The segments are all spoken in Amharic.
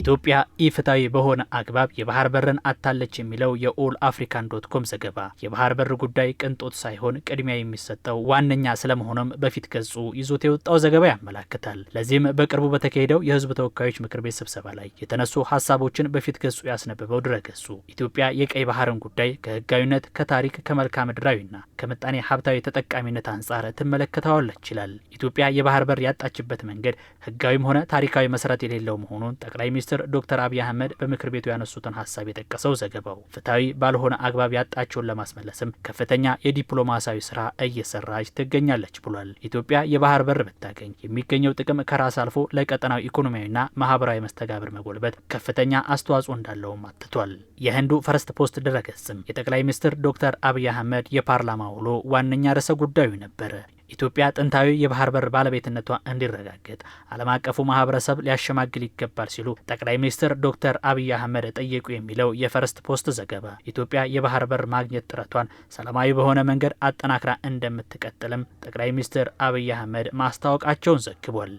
ኢትዮጵያ ኢፍታዊ በሆነ አግባብ የባህር በርን አታለች የሚለው የኦል አፍሪካን ዶት ኮም ዘገባ የባህር በር ጉዳይ ቅንጦት ሳይሆን ቅድሚያ የሚሰጠው ዋነኛ ስለመሆኑም በፊት ገጹ ይዞት የወጣው ዘገባ ያመላክታል። ለዚህም በቅርቡ በተካሄደው የህዝብ ተወካዮች ምክር ቤት ስብሰባ ላይ የተነሱ ሀሳቦችን በፊት ገጹ ያስነበበው ድረ ገጹ ኢትዮጵያ የቀይ ባህርን ጉዳይ ከህጋዊነት፣ ከታሪክ፣ ከመልክዓ ምድራዊና ከምጣኔ ሀብታዊ ተጠቃሚነት አንጻር ትመለከተዋለች ይላል። ኢትዮጵያ የባህር በር ያጣችበት መንገድ ህጋዊም ሆነ ታሪካዊ መሰረት የሌለው መሆኑን ጠቅላይ ሚኒስ ሚኒስትር ዶክተር አብይ አህመድ በምክር ቤቱ ያነሱትን ሀሳብ የጠቀሰው ዘገባው ፍትሐዊ ባልሆነ አግባብ ያጣቸውን ለማስመለስም ከፍተኛ የዲፕሎማሲያዊ ስራ እየሰራች ትገኛለች ብሏል። ኢትዮጵያ የባህር በር ብታገኝ የሚገኘው ጥቅም ከራስ አልፎ ለቀጠናዊ ኢኮኖሚያዊና ማህበራዊ መስተጋብር መጎልበት ከፍተኛ አስተዋጽኦ እንዳለውም አትቷል። የህንዱ ፈረስት ፖስት ድረገጽም የጠቅላይ ሚኒስትር ዶክተር አብይ አህመድ የፓርላማ ውሎ ዋነኛ ርዕሰ ጉዳዩ ነበር። ኢትዮጵያ ጥንታዊ የባህር በር ባለቤትነቷ እንዲረጋገጥ ዓለም አቀፉ ማህበረሰብ ሊያሸማግል ይገባል ሲሉ ጠቅላይ ሚኒስትር ዶክተር አብይ አህመድ ጠየቁ የሚለው የፈረስት ፖስት ዘገባ ኢትዮጵያ የባህር በር ማግኘት ጥረቷን ሰላማዊ በሆነ መንገድ አጠናክራ እንደምትቀጥልም ጠቅላይ ሚኒስትር አብይ አህመድ ማስታወቃቸውን ዘግቧል።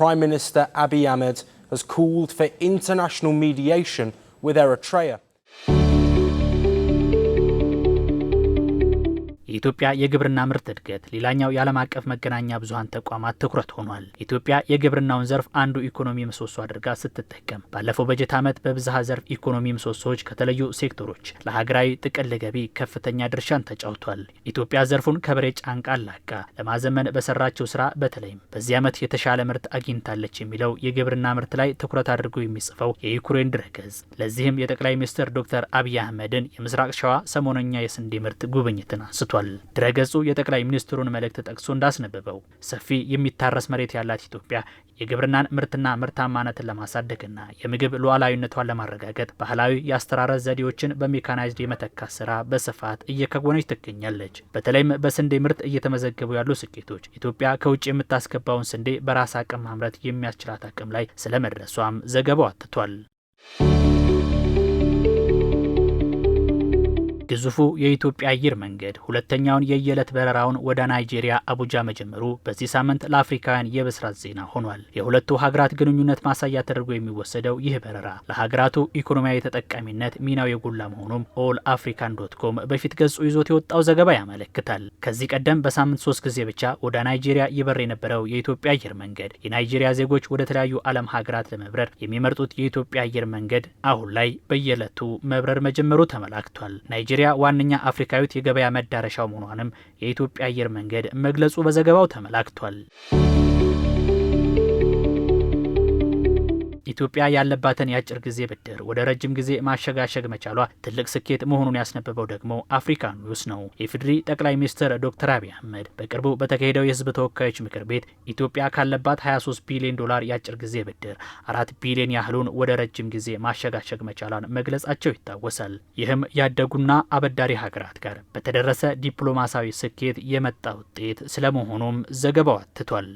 ፕራይም ሚኒስትር አብይ አህመድ has called for international የኢትዮጵያ የግብርና ምርት እድገት ሌላኛው የዓለም አቀፍ መገናኛ ብዙሀን ተቋማት ትኩረት ሆኗል። ኢትዮጵያ የግብርናውን ዘርፍ አንዱ ኢኮኖሚ ምሰሶ አድርጋ ስትጠቀም ባለፈው በጀት ዓመት በብዝሃ ዘርፍ ኢኮኖሚ ምሰሶዎች ከተለዩ ሴክተሮች ለሀገራዊ ጥቅል ገቢ ከፍተኛ ድርሻን ተጫውቷል። ኢትዮጵያ ዘርፉን ከበሬ ጫንቃ አላቃ ለማዘመን በሰራቸው ስራ በተለይም በዚህ ዓመት የተሻለ ምርት አግኝታለች የሚለው የግብርና ምርት ላይ ትኩረት አድርጎ የሚጽፈው የዩክሬን ድረገጽ ለዚህም የጠቅላይ ሚኒስትር ዶክተር አብይ አህመድን የምስራቅ ሸዋ ሰሞነኛ የስንዴ ምርት ጉብኝትን አንስቷል። አስፍሯል። ድረገጹ የጠቅላይ ሚኒስትሩን መልእክት ጠቅሶ እንዳስነበበው ሰፊ የሚታረስ መሬት ያላት ኢትዮጵያ የግብርናን ምርትና ምርታማነትን ለማሳደግና የምግብ ሉዓላዊነቷን ለማረጋገጥ ባህላዊ የአስተራረስ ዘዴዎችን በሜካናይዝድ የመተካት ስራ በስፋት እየከወነች ትገኛለች። በተለይም በስንዴ ምርት እየተመዘገቡ ያሉ ስኬቶች ኢትዮጵያ ከውጭ የምታስገባውን ስንዴ በራስ አቅም ማምረት የሚያስችላት አቅም ላይ ስለመድረሷም ዘገባው አትቷል። ግዙፉ የኢትዮጵያ አየር መንገድ ሁለተኛውን የየዕለት በረራውን ወደ ናይጄሪያ አቡጃ መጀመሩ በዚህ ሳምንት ለአፍሪካውያን የብስራት ዜና ሆኗል። የሁለቱ ሀገራት ግንኙነት ማሳያ ተደርጎ የሚወሰደው ይህ በረራ ለሀገራቱ ኢኮኖሚያዊ ተጠቃሚነት ሚናው የጎላ መሆኑም ኦል አፍሪካን ዶት ኮም በፊት ገጹ ይዞት የወጣው ዘገባ ያመለክታል። ከዚህ ቀደም በሳምንት ሶስት ጊዜ ብቻ ወደ ናይጄሪያ ይበር የነበረው የኢትዮጵያ አየር መንገድ የናይጄሪያ ዜጎች ወደ ተለያዩ ዓለም ሀገራት ለመብረር የሚመርጡት የኢትዮጵያ አየር መንገድ አሁን ላይ በየዕለቱ መብረር መጀመሩ ተመላክቷል። ናይጄሪያ ሶሪያ ዋነኛ አፍሪካዊት የገበያ መዳረሻው መሆኗንም የኢትዮጵያ አየር መንገድ መግለጹ በዘገባው ተመላክቷል። ኢትዮጵያ ያለባትን የአጭር ጊዜ ብድር ወደ ረጅም ጊዜ ማሸጋሸግ መቻሏ ትልቅ ስኬት መሆኑን ያስነበበው ደግሞ አፍሪካ ኒውስ ነው። የፍድሪ ጠቅላይ ሚኒስትር ዶክተር አብይ አህመድ በቅርቡ በተካሄደው የህዝብ ተወካዮች ምክር ቤት ኢትዮጵያ ካለባት 23 ቢሊዮን ዶላር የአጭር ጊዜ ብድር አራት ቢሊዮን ያህሉን ወደ ረጅም ጊዜ ማሸጋሸግ መቻሏን መግለጻቸው ይታወሳል። ይህም ያደጉና አበዳሪ ሀገራት ጋር በተደረሰ ዲፕሎማሲያዊ ስኬት የመጣ ውጤት ስለመሆኑም ዘገባው አትቷል።